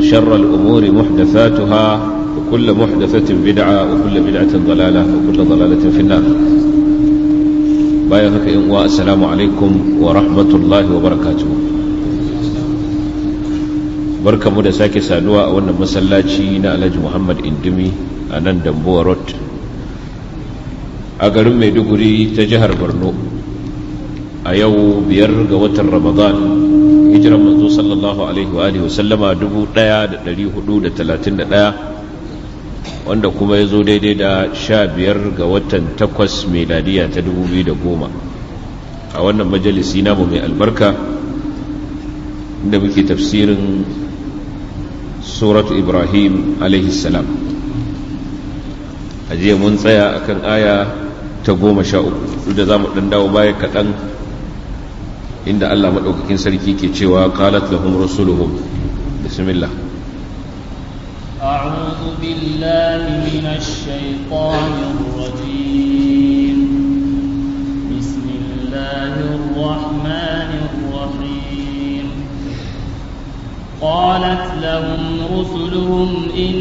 وشر الأمور محدثاتها وكل محدثة بدعة وكل بدعة ضلالة وكل barka mu da sake saduwa a wannan masallaci na alhaji muhammad indimi a nan dambuwa road a garin maiduguri ta jihar borno a yau biyar ga watan ramadan hijiran manzo sallallahu alaihi wa alihi wasallama 1431 wanda kuma ya zo daidai da 15 ga watan 8 meladiya ta 2010 a wannan majalisi namu mai albarka inda muke tafsirin suratu ibrahim alaihi salam a jiya mun tsaya akan aya ta goma sha uku duk da za mu ɗan dawo baya kaɗan inda Allah madaukakin sarki ke cewa qalat lahum rusuluhum bismillah a'udhu billahi minash shaitanir rajim bismillahir rahmanir rahim qalat lahum rusuluhum in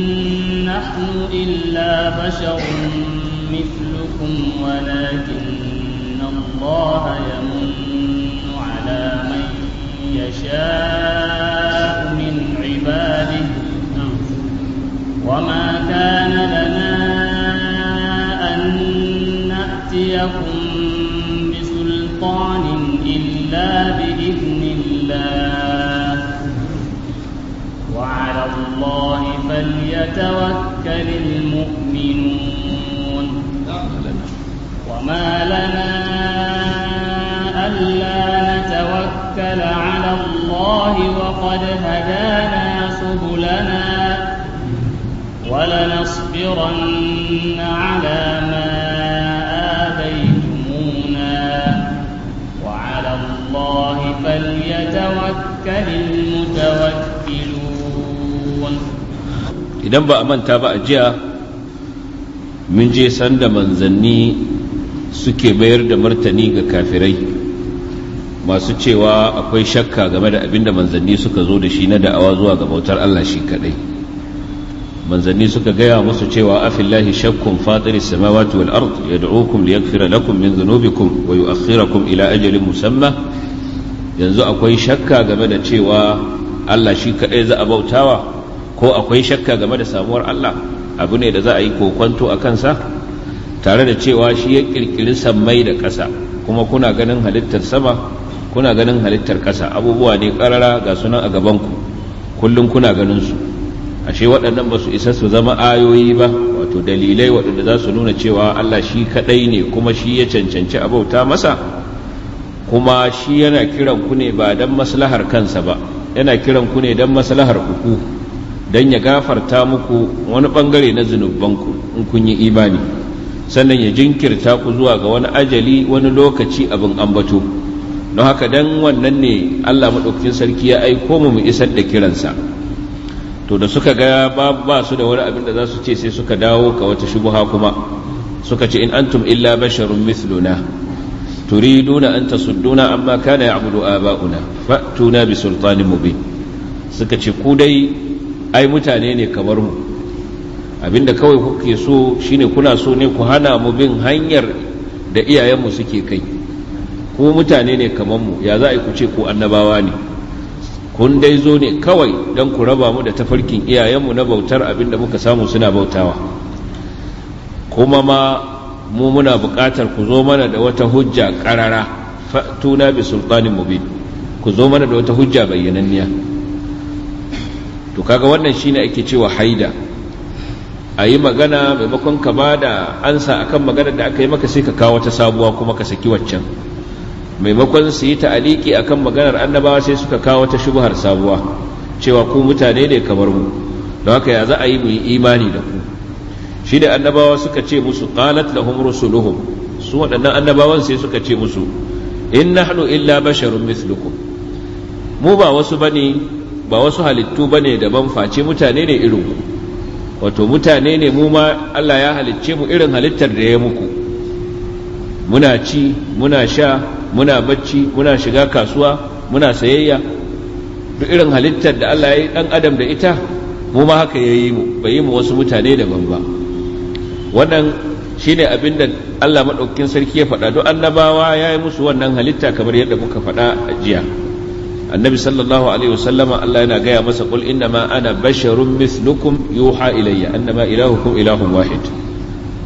nahnu illa basharun mithlukum ولكن الله yamun إلا من يشاء من عباده وما كان لنا أن نأتيكم بسلطان إلا بإذن الله وعلى الله فليتوكل المؤمنون وما لنا ألا نتوكل على الله وقد هدانا سبلنا ولنصبرن على ما آذيتمونا وعلى الله فليتوكل المتوكلون إذا ما من تابع جاء من جيسان دمان زني suke bayar da martani ga kafirai masu cewa akwai shakka game da abinda manzanni suka zo da shi na da'awa zuwa ga bautar Allah shi kadai manzanni suka gaya musu cewa afillahi shakkun fatiris samawati wal ard yad'ukum liyaghfira lakum min dhunubikum wa yu'akhirakum ila ajalin musamma yanzu akwai shakka game da cewa Allah shi kadai za a bautawa ko akwai shakka game da samuwar Allah abu ne da za a yi kokwanto a kansa tare da cewa shi ya kirkiri sammai da ƙasa kuma kuna ganin halittar sama kuna ganin halittar ƙasa abubuwa ne ƙarara ga sunan a gabanku kullum kuna ganin su ashe waɗannan ba su isa su zama ayoyi ba wato dalilai waɗanda za su nuna cewa Allah shi kaɗai ne kuma shi ya cancanci abauta masa kuma shi yana kiran ku ne ba don maslahar kansa ba yana kiran ku ne don maslahar uku don ya gafarta muku wani ɓangare na zunubanku in kun yi imani sannan ya jinkirta ku zuwa ga wani ajali wani lokaci abin ambato don haka dan wannan ne Allah maɗaukakin sarki ya aiko mu mu isar da kiransa to da suka ga ba su da wani abin da za su ce sai suka dawo ka wata shubuha kuma suka ce in antum illa basharun mithluna turiduna an tasudduna amma kana ya'budu aba'una fatuna bi sultanin mubin suka ce ku dai ai mutane ne kamar mu abinda kawai kuke so shine kuna so ne ku hana mu bin hanyar da iyayenmu suke kai ku mutane ne kamar mu ya za a yi ku ce annabawa ne kun dai zo ne kawai don ku raba mu da tafarkin iyayenmu na bautar abinda muka samu suna bautawa kuma ma mu muna buƙatar ku zo mana da wata hujja ƙarara fatuna bi sultanin mubin ku zo mana da wata hujja bayyananniya to kaga wannan shine ake cewa haida a yi magana maimakon ka ba da ansa akan magana da aka yi maka sai ka kawo wata sabuwa kuma ka saki waccan maimakon su yi ta'aliki a kan maganar annabawa sai suka kawo ta shubhar sabuwa cewa ku mutane ne kamar mu don haka ya za a yi mu yi imani da ku shi da annabawa suka ce musu qalat lahum rusuluhum su waɗannan annabawan sai suka ce musu in nahnu illa basharun mislukum mu ba wasu bane ba wasu halittu bane daban face mutane ne irin ku wato mutane ne mu ma Allah ya halicce mu irin halittar da ya muku muna ci muna sha muna bacci muna shiga kasuwa muna sayayya duk irin halittar da Allah ya yi dan adam da ita mu ma haka ya yi mu bai yi mu wasu mutane daban ba wannan shine abin da Allah maɗaukakin sarki ya faɗa duk annabawa ya yi musu wannan halitta kamar yadda muka faɗa a jiya annabi sallallahu alaihi wasallama Allah yana gaya masa qul ma ana basharun mithlukum yuha ilayya annama ilahukum ilahun wahid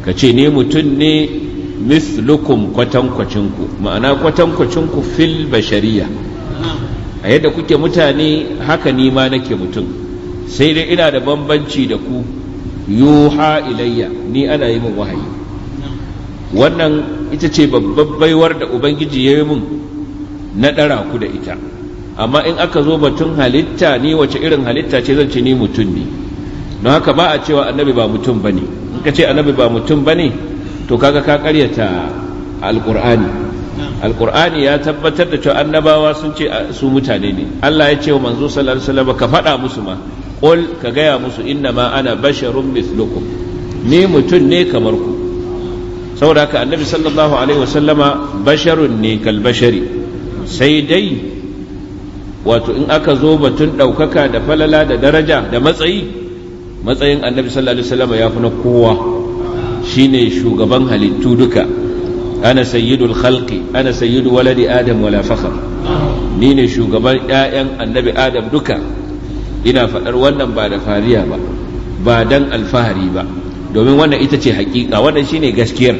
kace ne mutum ne mislukum kwatankwacinku ma'ana kwatankwacinku fil bashariya a yadda kuke mutane haka nima nake mutum sai dai ina da bambanci da ku yuha ilayya ni ana yi min wahayi wannan ita ce babbar baiwar da ubangiji ya yi min na ɗara ku da ita amma in aka zo batun halitta ni wace irin halitta ce zan ce ni mutum ne don haka ba a cewa annabi ba mutum ba ne in ka ce annabi ba mutum ba ne to kaga ka karyata alqur'ani Alƙur'ani ya tabbatar da cewa annabawa sun ce su mutane ne Allah ya ce wa manzo sallallahu alaihi wasallam ka faɗa musu ma qul ka gaya musu inna ma ana basharun mithlukum ni mutum ne kamar ku saboda haka annabi sallallahu alaihi wasallama basharun ne kalbashari sai dai wato in aka zo batun ɗaukaka da falala da daraja da matsayi matsayin annabi sallallahu alaihi wasallama ya fi na kowa shine shugaban halittu duka ana sayyidul khalqi ana sayyidu waladi adam wala fakhar ni ne shugaban ƴaƴan annabi adam duka ina faɗar wannan ba da fariya ba ba dan alfahari ba domin wannan ita ce hakika wannan shine gaskiyar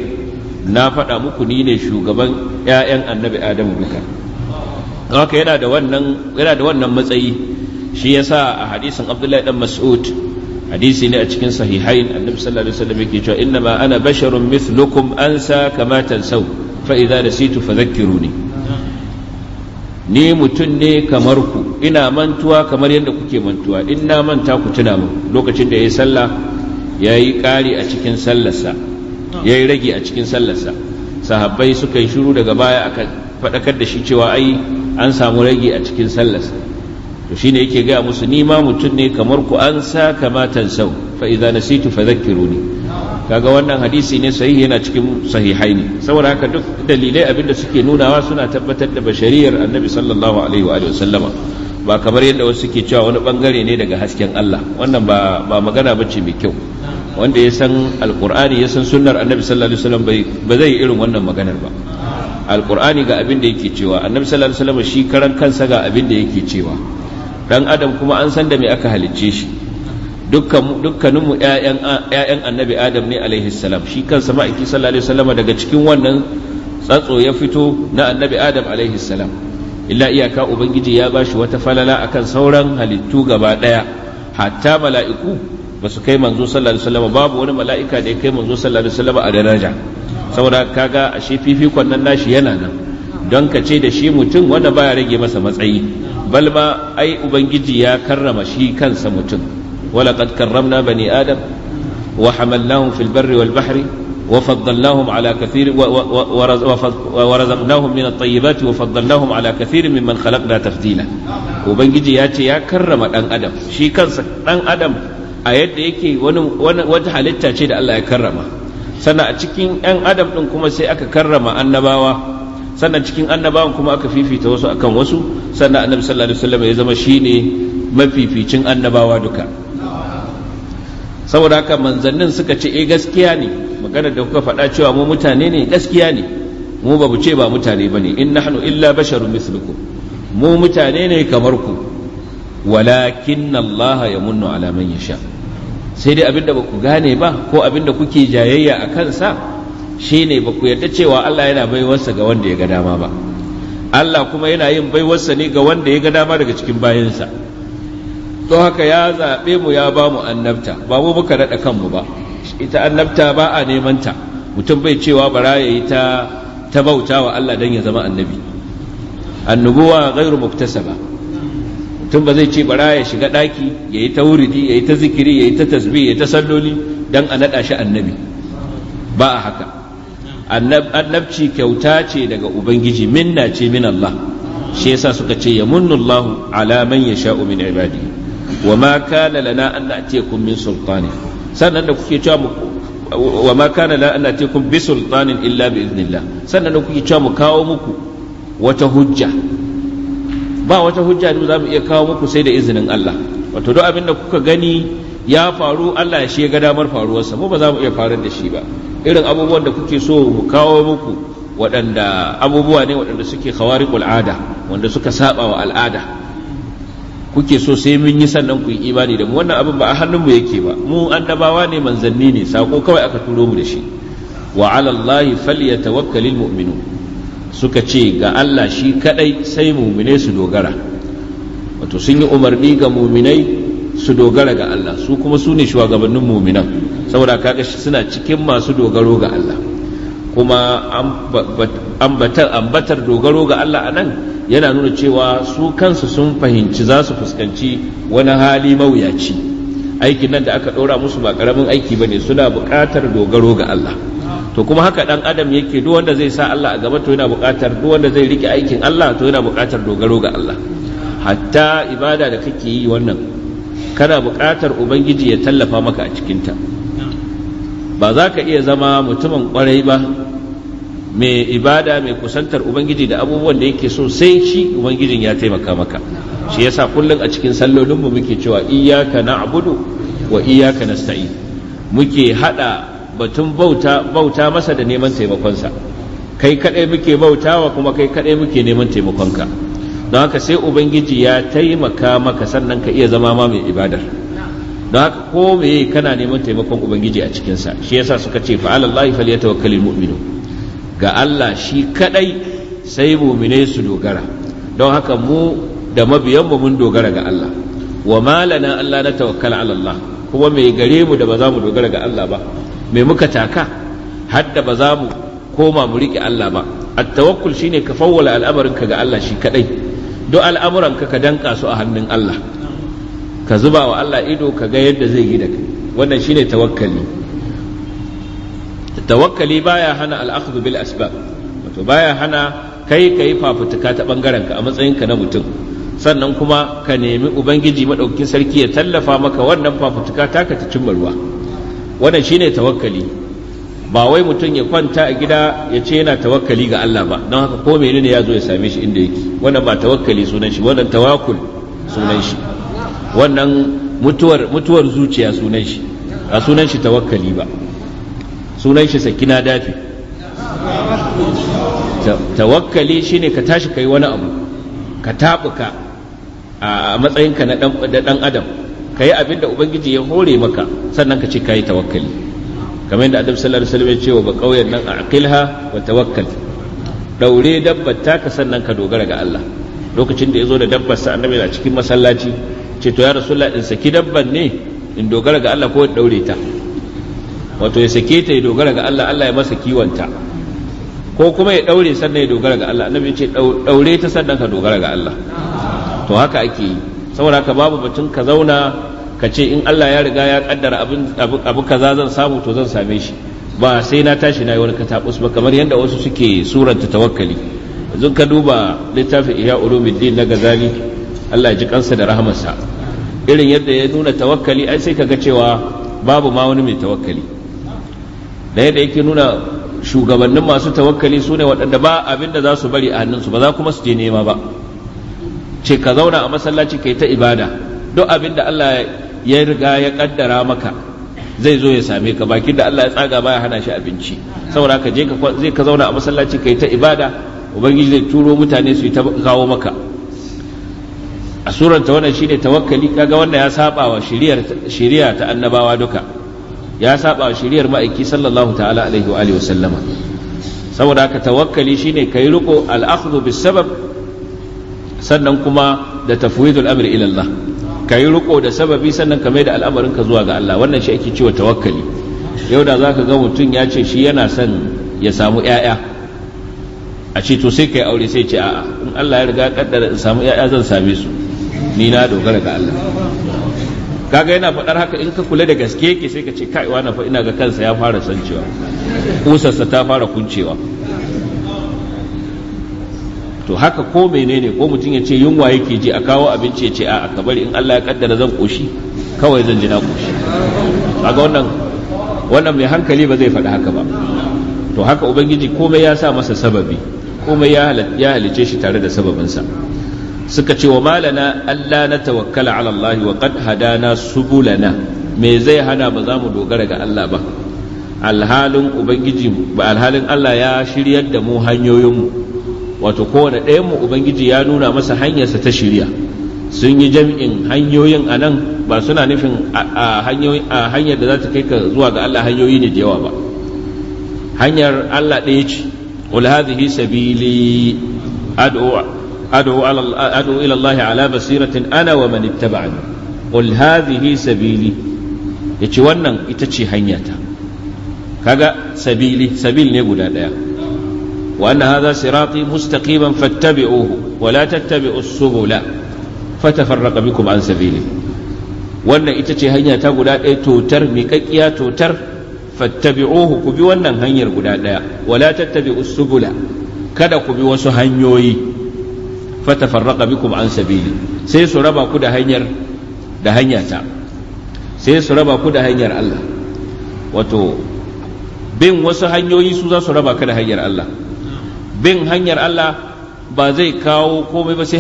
na faɗa muku ni ne shugaban ƴaƴan annabi adam duka haka yana da wannan yana da wannan matsayi shi yasa a hadisin abdullahi dan mas'ud hadisi ne a cikin sahihain annabi sallallahu alaihi wasallam yake cewa inna ma ana basharun mithlukum ansa kama tansau fa idza nasitu fadhakkiruni ni mutum ne kamar ku ina mantuwa kamar yadda kuke mantuwa in na manta ku tuna mu lokacin da yayi sallah yayi kari a cikin sallarsa yayi rage a cikin sallarsa sahabbai suka yi shiru daga baya aka faɗakar da shi cewa ai an samu rage a cikin sallarsa to shine yake gaya musu ni ma mutum ne kamar ku an sa kamatan sau fa idza nasitu fadhakkiruni kaga wannan hadisi ne sahihi yana cikin sahihaini saboda haka duk dalilai abinda suke nunawa suna tabbatar da bashariyar annabi sallallahu alaihi wa sallama ba kamar yadda wasu suke cewa wani bangare ne daga hasken Allah wannan ba ba magana bace mai kyau wanda ya san alqur'ani ya san sunnar annabi sallallahu alaihi wasallam ba zai irin wannan maganar ba alqur'ani ga abin da yake cewa annabi sallallahu alaihi wasallam shi karan kansa ga abin da yake cewa dan adam kuma an san da me aka halicce shi dukkaninmu ‘ya'yan annabi adam ne alaihi salam shi kansa ma'aiki sallallahu alaihi wasallama daga cikin wannan tsatso ya fito na annabi adam alaihi salam illa iyaka ubangiji ya ba shi wata falala akan sauran halittu gaba ɗaya hatta mala'iku ba su kai manzo sallallahu alaihi wasallama babu wani mala'ika da ya kai manzo sallallahu alaihi wasallama a daraja saboda kaga ashe fifikon nan nashi yana nan don ka ce da shi mutum wanda baya rage masa matsayi bal ai ubangiji ya karrama shi kansa mutum walaqad karramna bani adam wa hamalnahum fil barri wal bahri wa faddalnahum ala kathir wa razaqnahum min at-tayyibat wa faddalnahum ala kathir mimman ubangiji yace ya karrama dan adam shi kansa dan adam a yadda yake wani wata halitta ce da Allah ya karrama sannan a cikin yan adam ɗin kuma sai aka karrama annabawa sannan cikin annabawan kuma aka fifita wasu akan wasu sannan annabi sallallahu alaihi wasallam ya zama shine mafificin annabawa duka saboda haka manzannin suka ce eh gaskiya ne magana da kuka faɗa cewa mu mutane ne gaskiya ne mu ba mu ce ba mutane bane in nahnu illa basharun mislukum mu mutane ne kamar ku walakin Allah ya munnu ala man yasha sai dai abinda ba ku gane ba ko abinda kuke jayayya a kansa shine ba ku yarda cewa Allah yana baiwarsa ga wanda ya ga dama ba Allah kuma yana yin baiwarsa ne ga wanda ya ga dama daga cikin bayansa to haka ya zaɓe mu ya ba mu annabta ba mu muka naɗa kanmu ba ita annabta ba a neman ta mutum bai cewa bara ya yi ta bauta wa Allah don ya zama annabi annubuwa gairu muktasaba mutum ba zai ce bara ya shiga ɗaki ya yi ta wuridi ya yi ta zikiri ya yi ta tasbi ya yi ta salloli don a naɗa shi annabi ba a haka annabci kyauta ce daga ubangiji minna ce min Allah shi yasa suka ce yamunnullahu ala man yasha'u min ibadi wa ma kana lana an na'tiyakum min sultani sannan da kuke cewa mu wa ma kana lana an bi sultanin illa bi idnillah sannan da kuke cewa mu kawo muku wata hujja ba wata hujja da za mu iya kawo muku sai da izinin Allah wato duk abin da kuka gani ya faru Allah ya shiga ga damar faruwarsa mu ba za mu iya farin da shi ba irin abubuwan da kuke so mu kawo muku waɗanda abubuwa ne waɗanda suke khawariqul al'ada wanda suka saba wa al'ada kuke so sai mun yi sannan ku yi imani da mu wannan abin ba a hannun mu yake ba mu annabawa ne manzanni ne sako kawai aka turo mu da shi wa ala allahi falyatawakkal muminu suka ce ga Allah shi kadai sai mu'mine su dogara wato sun yi umarni ga mu'minai su dogara ga Allah su kuma su ne shugabannin muminan saboda kaga suna cikin masu dogaro ga Allah kuma ambatar dogaro ga Allah a nan yana nuna cewa su kansu sun fahimci za su fuskanci wani hali mawuyaci aikin nan da aka ɗora musu ba ƙaramin aiki ba ne suna buƙatar dogaro ga Allah to kuma haka ɗan adam yake duk wanda zai sa Allah a gaba to yana buƙatar duk wanda zai rike aikin Allah to yana buƙatar dogaro ga Allah hatta ibada da kake yi wannan kana buƙatar ubangiji ya tallafa maka a cikinta ba za ka iya zama mutumin ƙwarai ba mai ibada mai kusantar ubangiji da abubuwan da yake so sai shi ubangijin ya taimaka maka shi yasa kullum a cikin sallolinmu muke cewa na na'budu wa na nasta'in muke haɗa batun bauta bauta masa da neman taimakonsa kai kadai muke bautawa kuma kai kadai muke neman taimakonka don haka sai ubangiji ya taimaka maka sannan ka iya zama ma mai ibadar don haka ko meye kana neman taimakon ubangiji a cikinsa shi yasa suka ce fa'ala Allah falyatawakkalul mu'minu ga Allah shi kadai sai mu'mine su dogara don haka mu da mabiyan mu mun dogara ga Allah wa malana Allah na tawakkala ala Allah kuma mai gare mu da ba za mu dogara ga Allah ba mai muka taka hadda ba za mu koma mu riƙe Allah ba at-tawakkul shine ka fawwala al'amarinka ga Allah shi kadai duk al'amuranka ka danka su a hannun Allah ka zuba wa Allah ido ka ga yadda zai yi da kai wannan shine tawakkali tawakkali baya hana al'akhdhu bil asbab wato baya hana kai ka yi fafutuka ta ɓangarenka ka a matsayinka na mutum sannan kuma ka nemi ubangiji madaukakin sarki ya tallafa maka wannan fafutuka taka ta cimma ruwa wannan shine tawakkali ba wai mutum ya kwanta a gida ya ce yana tawakkali ga Allah ba don haka ko menene ya zo ya same shi inda yake wannan ba tawakkali sunan shi wannan tawakul sunan shi wannan mutuwar mutuwar zuciya sunan shi a sunan shi tawakkali ba sunan shi sakina dafi tawakkali shine ka tashi kai wani abu ka tabuka a matsayinka na dan adam ka yi abin da ubangiji ya hore maka sannan ka ce ka yi tawakkali kamar yadda adam sallallahu alaihi wasallam ya ce wa ba kauyen nan aqilha wa tawakkal daure dabbar taka sannan ka dogara ga Allah lokacin da yazo da dabbar sa annabi na cikin masallaci ce to ya rasulullah in saki dabban ne in dogara ga Allah ko in daure ta wato ya sake ta ya dogara ga Allah Allah ya masa kiwanta ko kuma ya daure sannan ya dogara ga Allah annabi ya ce daure ta sannan ka dogara ga Allah to haka ake yi saboda haka babu batun ka zauna ka ce in Allah ya riga ya kaddara abu kaza zan samu to zan same shi ba sai na tashi na yi wani katabus ba kamar yadda wasu suke suranta tawakkali yanzu ka duba littafin iya ulumuddin na gazali Allah ya ji kansa da rahamarsa irin yadda ya nuna tawakkali ai sai kaga cewa babu ma wani mai tawakkali da yadda yake nuna shugabannin masu tawakkali su ne waɗanda ba abin da za su bari a hannunsu ba za kuma su je nema ba ce ka zauna a masallaci kai ta ibada duk abin da Allah ya riga ya kaddara maka zai zo ya same ka bakin da Allah ya tsaga baya hana shi abinci saboda ka je ka zai ka zauna a masallaci kai ta ibada ubangiji zai turo mutane su ta kawo maka a surar ta wannan shine tawakkali kaga wanda ya saba wa shari'ar ta annabawa duka ya saba wa shari'ar ma'aiki sallallahu ta'ala alaihi wa alihi wasallama saboda haka tawakkali shine kai riko al-akhdhu bis sabab sannan kuma da tafwidul amri ila Allah ka yi riko da sababi sannan ka mai da al'amarinka zuwa ga Allah wannan shi ake cewa tawakkali yau da za ka ga mutum ya ce shi yana son ya samu 'ya'ya a ce to sai ka aure sai ce a'a in Allah ya riga kaddara in samu 'ya'ya zan same su ni na dogara ga Allah kaga yana faɗar haka in ka kula da gaske ke sai ka ce kai wani fa ina ga kansa ya fara sancewa kusarsa ta fara kuncewa to haka ko menene ko mutum ya ce yunwa yake ji a kawo abinci ya ce a ka bari in Allah ya kaddara zan koshi kawai zan ji na koshi kaga wannan wannan mai hankali ba zai faɗi haka ba to haka ubangiji komai ya sa masa sababi komai ya halice shi tare da sababinsa suka ce wa malana Allah na tawakkala ala Allah wa qad hadana subulana me zai hana ba za mu dogara ga Allah ba alhalin ubangiji ba alhalin Allah ya shiryar da mu hanyoyinmu wato kowane ɗayan mu ubangiji ya nuna masa hanyarsa ta shiriya sun yi jam'in hanyoyin a nan ba suna nufin a hanyar da za ta kai ka zuwa ga Allah hanyoyi ne da yawa ba hanyar Allah ɗaya ce hadhihi sabili ad'u ila Allah ala basiratin ana wa man ittaba'ani qul hadhihi sabili yace wannan ita ce hanyata kaga sabili sabil ne guda ɗaya وأن هذا صراطي مستقيما فاتبعوه ولا تتبعوا السبل فتفرق بكم عن سبيله wannan ita ce hanya guda ɗaya totar miƙaƙƙiya totar fattabi'uhu ku bi wannan hanyar kada ku bi wasu hanyoyi fatafarraqa bikum an sabili sai su raba ku da hanyar sai su raba ku da hanyar Allah wato bin wasu hanyoyi su za su raba ka da hanyar Allah bin hanyar Allah ba zai kawo komai ba sai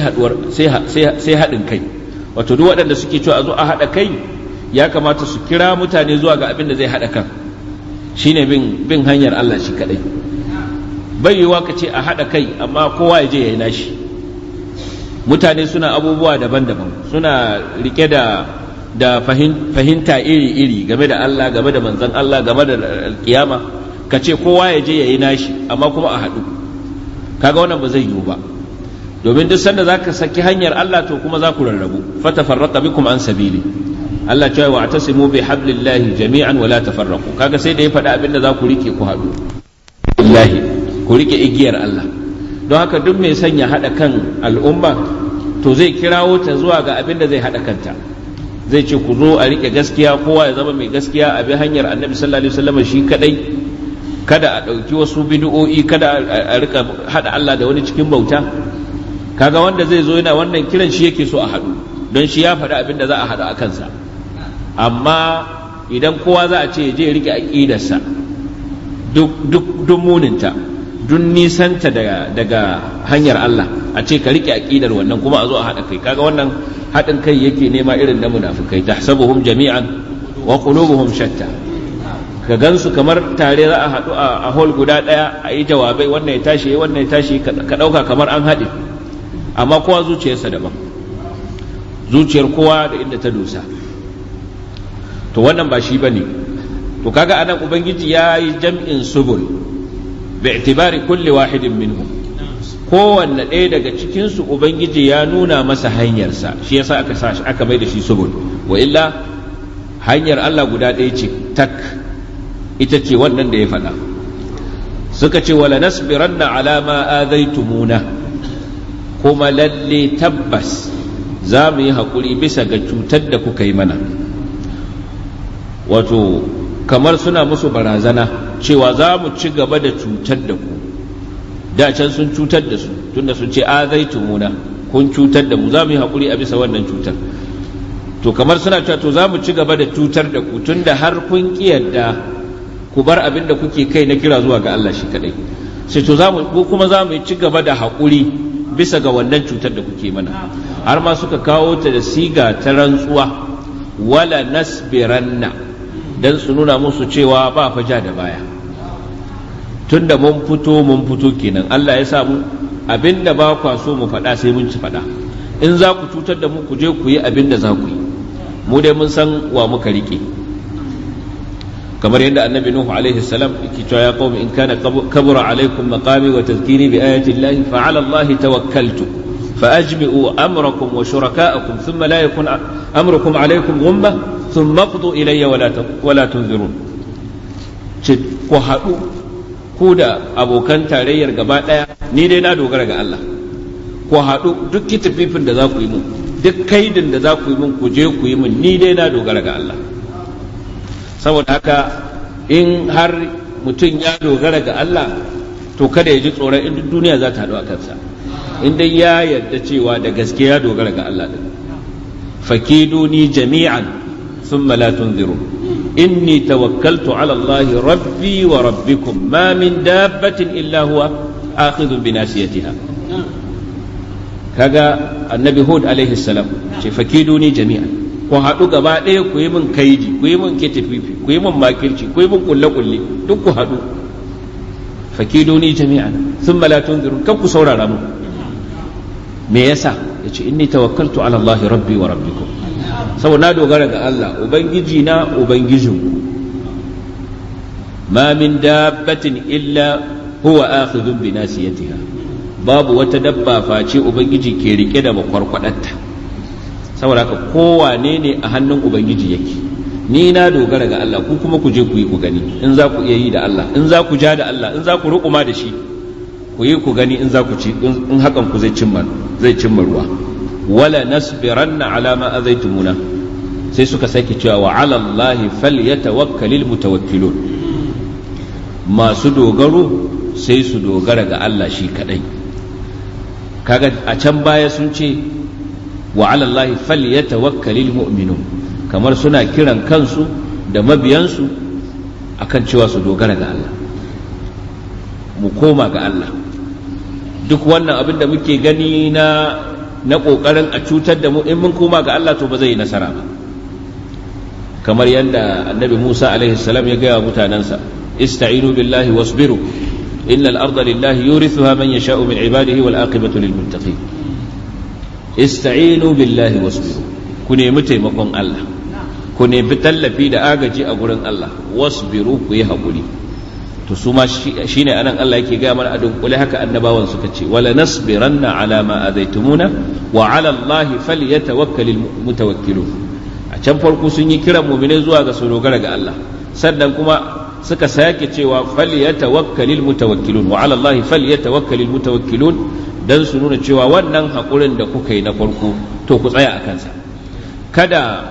haɗin kai wato duk waɗanda suke cewa a zo a haɗa kai ya kamata su kira mutane zuwa ga abin da zai haɗa kan shine bin bin hanyar Allah shi kadai bai yiwa ka ce a haɗa kai amma kowa ya je ya yi nashi mutane suna abubuwa daban-daban suna rike da da fahimta iri-iri game da Allah game da manzon Allah game da kiyama ka ce kowa ya je ya yi nashi amma kuma a haɗu kaga wannan ba zai yiwu ba domin duk sanda zaka saki hanyar Allah to kuma za ku rarrabu fatafarraqa bikum an sabili Allah cewa wa atasimu bi hablillahi jami'an wala tafarraqu kaga sai da ya faɗi abinda za ku rike ku haɗu ku rike igiyar Allah don haka duk mai sanya haɗa kan al'umma to zai kirawo ta zuwa ga abinda zai haɗa kanta zai ce ku zo a rike gaskiya kowa ya zama mai gaskiya a bi hanyar annabi sallallahu alaihi wasallam shi kadai kada a ɗauki wasu bidu'o'i kada a rika haɗa Allah da wani cikin bauta kaga wanda zai zo yana wannan kiran shi yake so a haɗu don shi ya faɗi abin da za a haɗu a kansa amma idan kowa za a ce ya je rike aƙidarsa duk muninta duk nisanta daga hanyar Allah a ce ka rike aƙidar wannan kuma a zo a haɗa kai kaga wannan haɗin kai yake nema irin na munafukai tahsabuhum jami'an wa qulubuhum shatta ka gansu kamar tare za a haɗu a hall guda ɗaya a yi jawabai wannan ya tashi wannan ya tashi ka ɗauka kamar an haɗe amma kowa zuciyarsa daban zuciyar kowa da inda ta dusa to wannan ba shi ba ne. to kaga anan ubangiji ya yi jam'in subul kulle kulli wahidin minhum kowanne ɗaya daga cikinsu ubangiji ya nuna masa hanyarsa shi yasa aka sa aka mai da shi subul wa illa hanyar Allah guda ɗaya ce tak ita ce wannan da ya faɗa suka ce wala nasbiranna ala ma adaitumuna kuma lalle tabbas za mu yi haƙuri bisa ga cutar da kuka yi mana wato kamar suna musu barazana cewa za mu ci gaba da cutar da ku da can sun cutar da su tunda sun ce azaitumuna kun cutar da mu za mu yi haƙuri a bisa wannan cutar to kamar suna cewa to za mu ci gaba da cutar da ku tunda har kun ƙi yadda ku bar abin da kuke kai na kira zuwa ga Allah shi kadai sai to zamu ko kuma zamu ci gaba da hakuri bisa ga wannan cutar da kuke mana har ma suka kawo ta da siga ta rantsuwa wala nasbiranna dan su nuna musu cewa ba faja da baya tunda mun fito mun fito kenan Allah ya sa mu abinda ba kwa so mu faɗa sai mun ci faɗa in za ku cutar da mu ku je ku yi abin da za ku yi mu dai mun san wa muka rike kamar yadda annabi nuhu alaihi salam yake cewa ya qaumi in kana kabura alaikum maqami wa tadhkiri bi ayati llahi fa ala allahi tawakkaltu fa ajmi'u amrakum wa shuraka'akum thumma la yakun amrukum alaikum ghumma thumma qdu ilayya wa la tunzirun ku haɗu ku da abokan tarayyar gaba ɗaya ni dai na dogara ga Allah ku haɗu duk da za ku yi mun duk kaidin da za ku yi mun ku ku yi mun ni dai na dogara ga Allah saboda haka in har mutum ya dogara ga Allah to kada ya ji tsoron in duniya za ta haɗu a kansa in dai ya yarda cewa da gaske ya dogara ga Allah din fakiduni jami'an thumma la tunziru inni tawakkaltu ala Allah rabbi wa rabbikum ma min dabbatin illa huwa akhidhu bi nasiyatiha kaga annabi hud alaihi salam ce fakiduni jami'an ku haɗu gaba ɗaya ku yi min kaidi ku yi min kitififi ku yi min makirci ku yi min kulle-kulle duk ku haɗu fakidoni jami'an sun malatun zirun kan ku saurara mu me yasa ya ce inni tawakkaltu ala Allah rabbi wa rabbikum saboda na dogara ga Allah ubangiji na ubangijin ku. ma min dabbatin illa huwa akhidhun bi nasiyatiha babu wata dabba face ubangiji ke rike da makwarkwadatta saboda haka kowane ne a hannun ubangiji yake ni na dogara ga Allah ku kuma ku je ku yi ku gani in za ku iya yi da Allah in za ku ja da Allah in za ku rukuma da shi ku yi ku gani in za ku ci in hakan ku zai cimma zai cimma ruwa wala nasbiranna ala ma azaitumuna sai suka sake cewa wa ala Allah falyatawakkalul mutawakkilun masu dogaro sai su dogara ga Allah shi kadai kaga a can baya sun ce wa ala Allah falyatawakkalul mu'minun kamar suna kiran kansu da mabiyansu kan cewa su dogara ga Allah mu koma ga Allah duk wannan abin da muke gani na na kokarin a cutar da mu in mun koma ga Allah to ba zai yi nasara ba kamar yadda annabi Musa alaihi salam ya gaya mutanensa ista'inu billahi wasbiru innal arda lillahi yurithuha man yasha'u min ibadihi wal aqibatu lil muttaqin ista'inu billahi wasbiru ku nemi taimakon Allah ku nemi tallafi da agaji a gurin Allah wasbiru ku yi haƙuri to su ma shine anan Allah yake gaya mana a dunkule haka annabawan suka ce wala nasbiranna ala ma azaitumuna wa ala Allah falyatawakkalul mutawakkilun a can farko sun yi kiran muminai zuwa ga su dogara ga Allah sannan kuma suka sake cewa falyatawakkalul mutawakkilun wa ala Allah falyatawakkalul mutawakkilun don su nuna cewa wannan haƙurin da kuka yi na farko to ku tsaya a kansa kada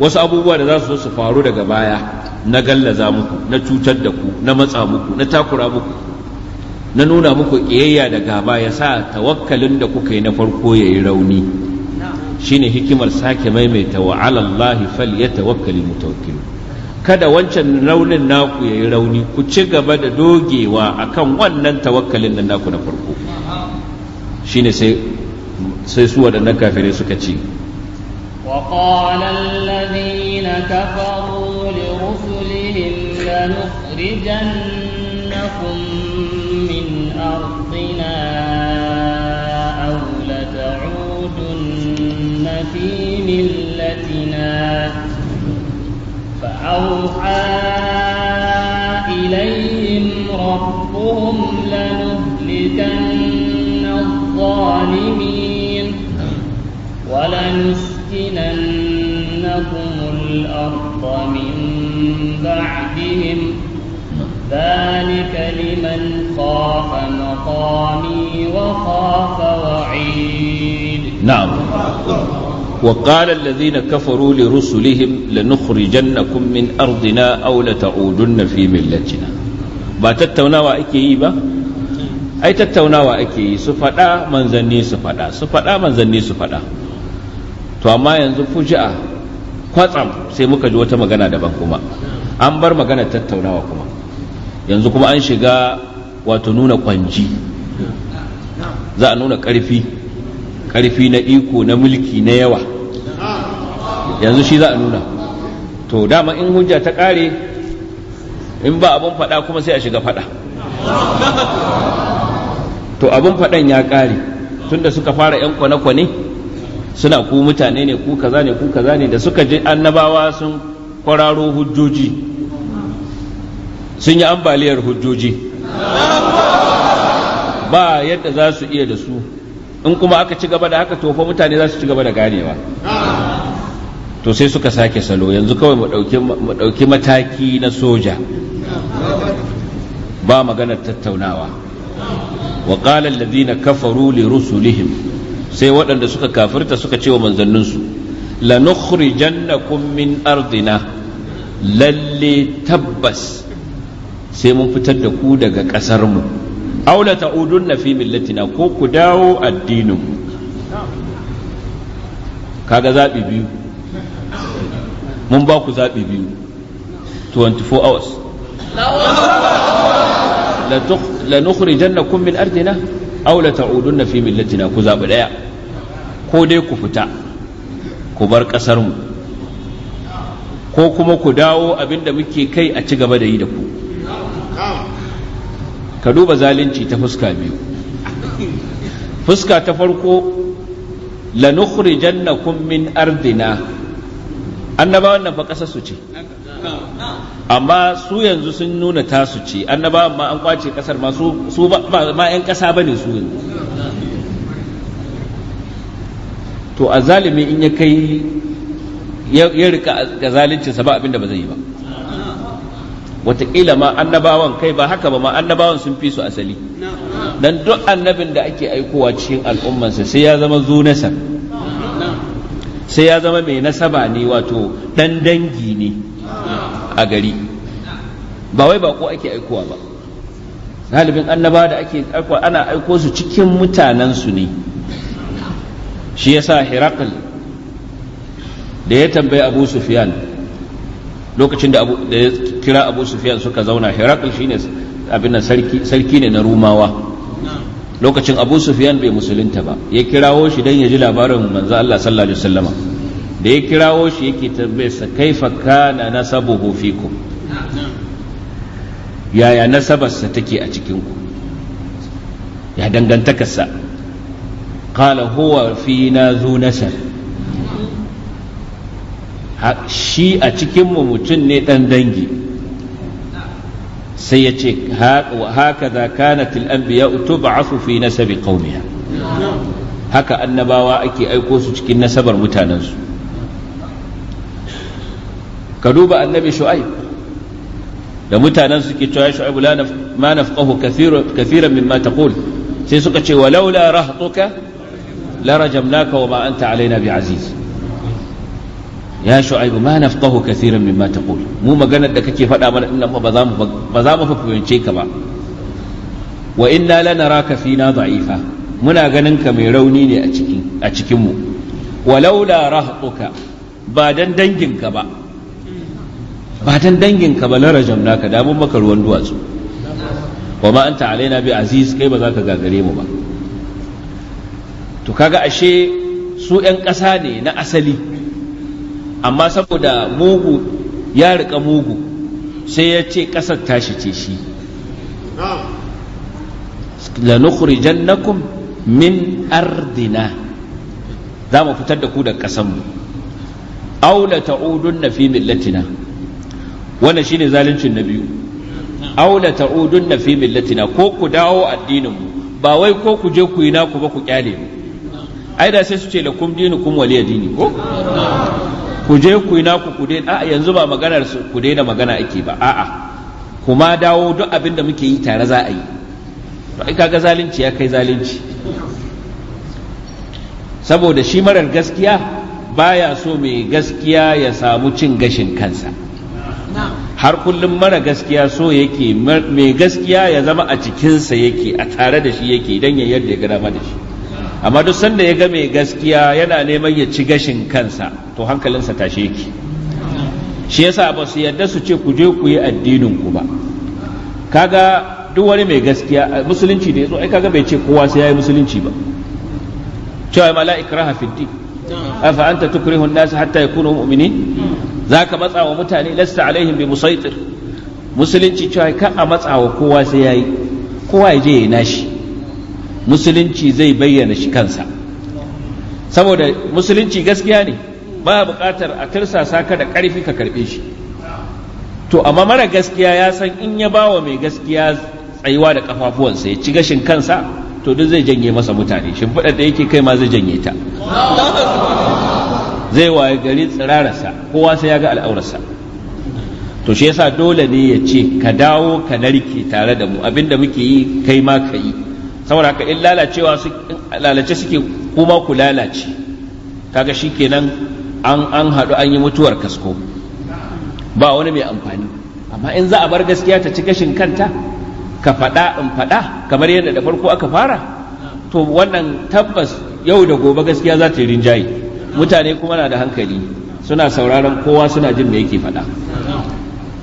wasu abubuwa da za su su faru daga baya na gallaza muku na cutar da ku na matsa muku na takura muku na nuna muku ƙiyayya da gaba ya sa tawakkalin da kuka yi na farko ya yi rauni shine hikimar sake maimaita wa alallahi fal ya tawakkali kada wancan raunin naku ya yi rauni ku ci gaba da dogewa akan wannan tawakkalin da naku na farko shine sai sai su waɗannan kafirai suka ce وقال الذين كفروا لرسلهم لنخرجنكم من أرضنا أو لتعودن في ملتنا فأوحى إليهم ربهم لنهلكن الظالمين ولنسكننكم الأرض من بعدهم ذلك لمن خاف مقامي وخاف وعيد نعم وقال الذين كفروا لرسلهم لنخرجنكم من أرضنا أو لتعودن في ملتنا ba tattaunawa ake yi ba ai tattaunawa ake yi su faɗa manzanni su faɗa su faɗa manzanni su faɗa to amma yanzu fuji'a kwatsam sai muka ji wata magana daban kuma an bar magana tattaunawa kuma yanzu kuma an shiga wato nuna kwanji za a nuna ƙarfi ƙarfi na iko na mulki na yawa yanzu shi za a nuna to dama in hujja ta ƙare in ba abin faɗa kuma sai a shiga faɗa to abin faɗan ya ƙare tunda suka fara 'yan kwane-kwane suna ku mutane ne ku kaza ne ku kaza ne da suka ji annabawa sun kwararo hujjoji sun yi ambaliyar hujjoji ba yadda za su iya da su in kuma aka ci gaba da haka tofa mutane za su ci gaba da ganewa to sai suka sake salo yanzu kawai mu ɗauki mataki na soja ba maganar tattaunawa wa qala alladhina kafaru li sai waɗanda suka kafirta suka ce wa manzanninsu lanukhrijannakum min ardina lalle tabbas sai mun fitar da ku daga ƙasar mu aw la ta'udunna fi millatina ko ku dawo addinin mu kaga zabi biyu mun ba ku zabi biyu 24 hours lanukhrijannakum min ardina aw la ta'udunna fi millatina ku zabi daya ko dai ku fita ku bar kasar ko kuma ku dawo abinda muke kai a ci gaba da yi da ku ka duba zalunci ta fuska biyu fuska ta farko lanukhrijannakum min ardina annabawan nan fa kasar su ce amma su yanzu sun nuna tasu ce annaba ma an kwace kasar ma su ma 'yan kasa ba su yanzu to a zalimi in ya kai ya rika ga sa ba abinda ba zai yi ba wataƙila ma annabawan kai ba haka ba ma annabawan sun fi su asali dan duk annabin da ake aikowa cikin al'ummansa sai ya zama zu sai ya zama mai nasaba ne wato dan dangi ne a gari ba wai bako ake aikowa ba galibin annaba da ake aikowa ana aiko su cikin mutanensu ne shi yasa hirakul da ya tambayi abu sufyan lokacin da ya kira abu sufyan suka zauna hirakul shine abin sarki ne na rumawa lokacin abu sufyan bai musulunta ba ya kirawo shi don ya ji labarin manzo Allah sallallahu alaihi wasallama da ya kirawo shi yake tambayarsa kaifa kana nasabuhu fikum yaya nasabarsa take a cikin ku? ya dangantakarsa qala huwa na zu nasar. shi a cikinmu mutum ne ɗan dangi sai ya ce haka za kanat al'ambiya tub'athu fi nasabi qaumiha haka annabawa ake aiko su cikin nasabar mutanensu ka duba annabi shu'aib da mutanen suke cewa shu'aib la ma nafqahu kathiran mimma taqul sai suka ce walaula rahtuka la rajamnaka wa ma anta alaina bi aziz ya shu'aibu ma nafqahu kaseeran mimma taqul mu maganar da kake faɗa mana din ba za mu ba za mu fahimce ka ba wa inna lanaraka fina da'ifa muna ganin ka mai rauni ne a cikin a cikin mu walaula rahtuka ba dan danginka ba Batan dangin ka ba na rajamna ka damun maka ruwan duwatsu wa ma anta alaina bi aziz kai ba za ka gagare mu ba to kaga ashe su 'yan ƙasa ne na asali amma saboda mugu ya rika mugu sai ya ce ƙasar tashi ce shi lanukhrijannakum min ardina za mu fitar da ku da ƙasanmu aw la ta'udunna fi millatina wannan shine zaluncin na biyu aula ta'udun na fi millatina ko ku dawo addinin mu ba wai ko ku je ku yi naku ba ku kyale mu ai da sai su ce lakum dinukum waliya dini ko ku je ku yi naku ku daina a yanzu ba maganar su ku daina magana ake ba a'a kuma dawo duk abin da muke yi tare za a yi to ai kaga zalunci ya kai zalunci saboda shi marar gaskiya baya so mai gaskiya ya samu cin gashin kansa har kullum mara gaskiya so yake mai gaskiya ya zama a cikinsa yake a tare da shi yake idan ya yarda ya gada da shi amma duk sanda ya ga mai gaskiya yana neman ya ci gashin kansa to hankalinsa tashe yake shi yasa ba su yarda su ce ku je ku yi addinin ku ba kaga duk wani mai gaskiya musulunci da ya zo ai kaga bai ce kowa sai ya yi musulunci ba cewa ikraha hafiddi afa anta tukrihu an-nas hatta yakunu mu'minin zaka matsa wa mutane lasta alaihim bi musaitir musulunci cewa ka a matsa wa kowa sai yayi kowa ya je ya nashi musulunci zai bayyana shi kansa saboda musulunci gaskiya ne ba buƙatar a tirsasa ka da ƙarfi ka karɓe shi to amma mara gaskiya ya san in ya bawa mai gaskiya tsayuwa da kafafuwansa ya ci gashin kansa to duk zai janye masa mutane shimfiɗar da yake kai ma zai janye ta zai waye gari tsirararsa kowa sai ya ga al'aurarsa to shi yasa dole ne ya ce ka dawo ka narke tare da mu abinda muke yi kai ma ka yi saboda ka in lalacewa lalace suke kuma ku lalace kaga shikenan an an haɗu an yi mutuwar kasko ba wani mai amfani amma in za a bar gaskiya ta ci gashin kanta ka faɗa in faɗa kamar yadda da farko aka fara to wannan tabbas yau da gobe gaskiya za ta yi rinjaye mutane kuma na da hankali suna sauraron kowa suna jin me yake faɗa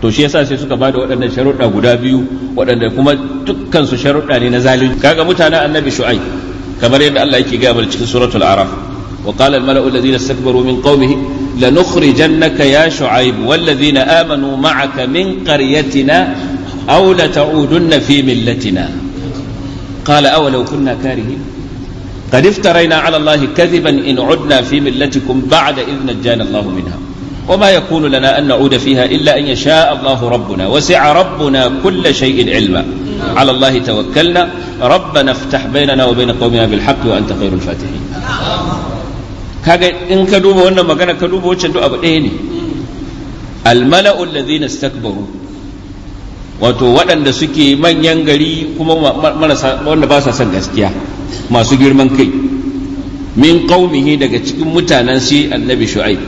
to shi yasa sai suka ba da waɗannan sharuɗa guda biyu waɗanda kuma dukkan su sharuɗa ne na zalunci kaga mutanen annabi shu'aib kamar yadda Allah yake gaya cikin suratul araf wa qala al mala'u alladhina istakbaru min qaumihi lanukhrijannaka ya shu'aib wal ladhina amanu ma'aka min qaryatina أو لتعودن في ملتنا قال أولو كنا كارهين قد افترينا على الله كذبا إن عدنا في ملتكم بعد إذ نجانا الله منها وما يكون لنا أن نعود فيها إلا أن يشاء الله ربنا وسع ربنا كل شيء علما على الله توكلنا ربنا افتح بيننا وبين قومنا بالحق وأنت خير الفاتحين كاجا إن كدوبوا وإنما كان كدوبوا وشدوا أبو الملأ الذين استكبروا wato waɗanda suke manyan gari kuma wanda ba sa son gaskiya masu girman kai min qaumihi daga cikin mutanen shi annabi shu'aib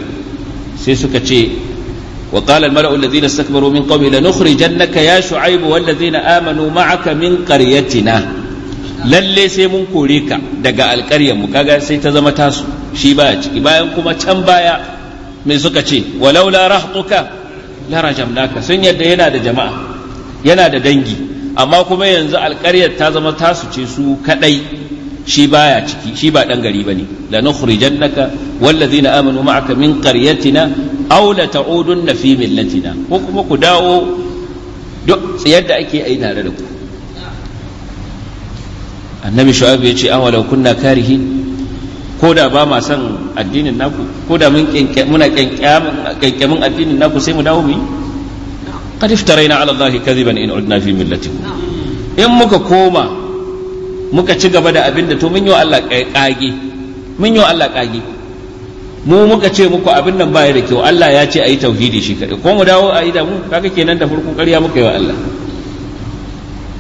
sai suka ce wa qala al mara'u alladhina istakbaru min qaumi lanukhrijannaka ya shu'aib wal ladhina amanu ma'aka min qaryatina lalle sai mun kore ka daga alƙaryar mu kaga sai ta zama tasu shi baya ciki bayan kuma can baya mai suka ce walaula rahtuka la rajamnaka sun yadda yana da jama'a yana da dangi amma kuma yanzu alƙaryar ta zama tasu ce su kadai shi baya ciki shi ba dan gari bane la nukhrijannaka wallazina amanu ma'aka min qaryatina aw la ta'udunna fi millatina ko kuma ku dawo duk yadda ake yi tare da ku annabi shu'aib ya ce awalau kunna karihin ko da ba ma son addinin naku ko da mun muna kyankyamin addinin naku sai mu dawo mu yi qad iftaraina ala allahi kadhiban in udna fi millatikum in muka koma muka ci gaba da abin da to mun yi Allah kage mun yi Allah kage mu muka ce muku abin nan baya da kyau Allah ya ce ayi tauhidi shi kadai ko mu dawo ayi da mu kaga kenan da farkon ƙarya muka yi wa Allah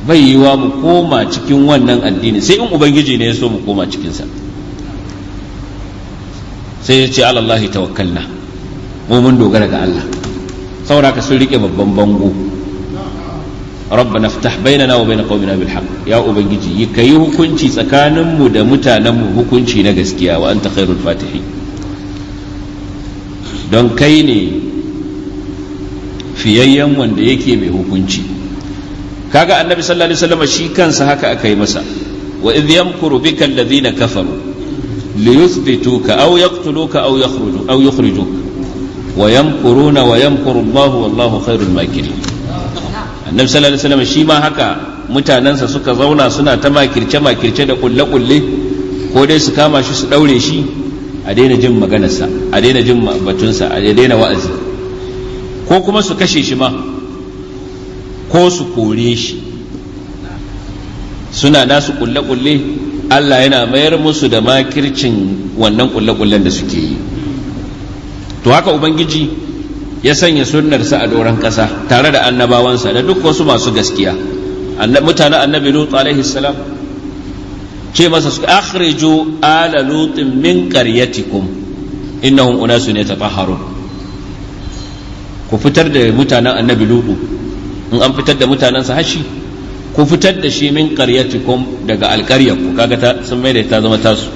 bai yi wa mu koma cikin wannan addini sai in ubangiji ne ya so mu koma cikin sa sai ya ce alallahi tawakkalna mu mun dogara ga Allah saboda ka sun rike babban bango rabbana iftah bainana wa bain qaumina bil haqq ya ubangiji kai hukunci tsakaninmu da mutanenmu hukunci na gaskiya wa anta khairul don kai ne fiyayyen wanda yake mai hukunci kaga annabi sallallahu alaihi wasallam shi kansa haka aka yi masa wa idh yamkuru bika alladhina kafaru liyuthbituka aw yaqtuluka aw wa yamkuruna wa والله خير wallahu النبي صلى الله عليه وسلم شيما shi ma haka mutanensa suka zauna suna ta makirce makirce da kulle kulle ko dai su kama shi su daure shi a daina jin maganarsa a daina jin batunsa a daina wa'azi ko kuma su kashe shi ma ko su kore shi suna nasu kulle kulle Allah yana mayar musu da makircin wannan kulle kullen da suke yi to haka ubangiji ya sanya sunnarsa a doron ƙasa tare da annabawansa da duk wasu masu gaskiya mutanen annabi lut alaihi salam ce masa su akhriju ala lut min qaryatikum innahum unasun yatatahharun ku fitar da mutanen annabi lut in an fitar da mutanen sa hashi ku fitar da shi min qaryatikum daga ku, kaga ta sun mai da ta zama tasu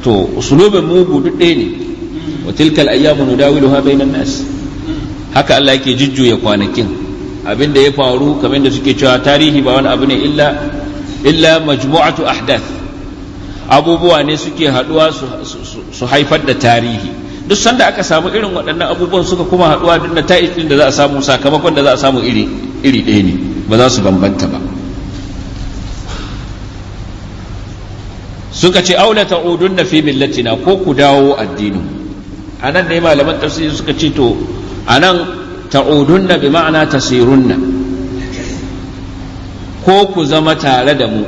to usulubin mugu duk ɗaya ne wa tilkal ayyamu nudawiluha bainan nas haka Allah yake jujjuya kwanakin abin ya faru kamar da suke cewa tarihi ba wani abu ne illa illa majmu'atu ahdath abubuwa ne suke haduwa su haifar da tarihi duk sanda aka samu irin waɗannan abubuwan suka kuma haduwa duk da ta'id da za a samu sakamakon da za a samu iri iri ɗaya ne ba za su bambanta ba suka ce aula na fi millatina ko ku dawo addinin anan nan ne malaman tafsiri suka ce to anan nan ta'udunna bi ma'ana tasirunna ko ku zama tare da mu